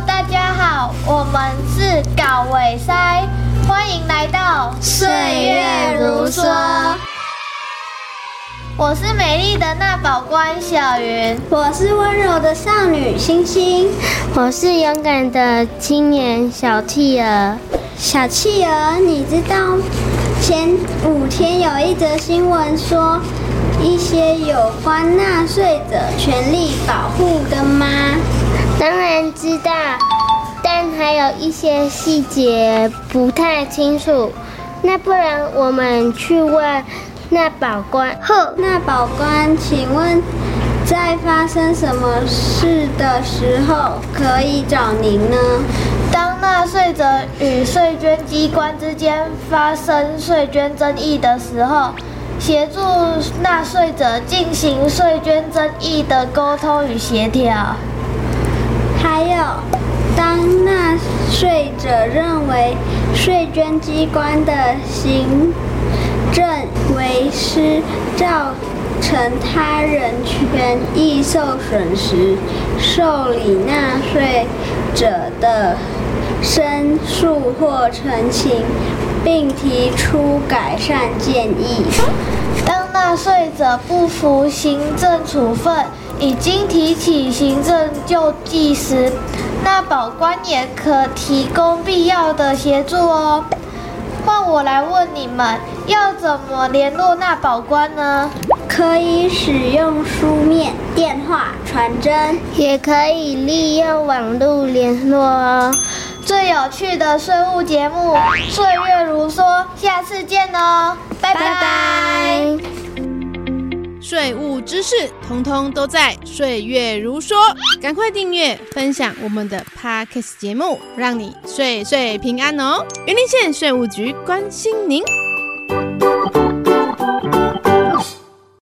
大家好，我們是搞尾塞，歡迎來到歲月如梭。我是美麗的納保官小雲，我是溫柔的少女星星，我是勇敢的青年小氣兒。小氣兒，你知道前五天有一則新聞說一些有關納稅者權利保護的嗎？當然。知道，但還有一些細節不太清楚。那不然我們去問納保官。納保官，請問在發生什麼事的時候可以找您呢？當納稅者與稅捐機關之間發生稅捐爭議的時候，協助納稅者進行稅捐爭議的溝通與協調。還有，當納稅者認為稅捐機關的行政違失，造成他人權益受損時，受理納稅者的申訴或陳情，並提出改善建議。當納稅者不服行政處分，已經提起行政救濟時，納保官也可提供必要的協助哦。換我來問你們，要怎麼聯絡納保官呢？可以使用書面、電話、傳真，也可以利用網絡聯絡哦。最有趣的稅務節目《歲月如梭》，下次見哦，拜拜。是，通通都在。歲月如梭，趕快訂閱分享我們的 Podcast 節目，讓你歲歲平安哦。雲林縣稅務局關心您。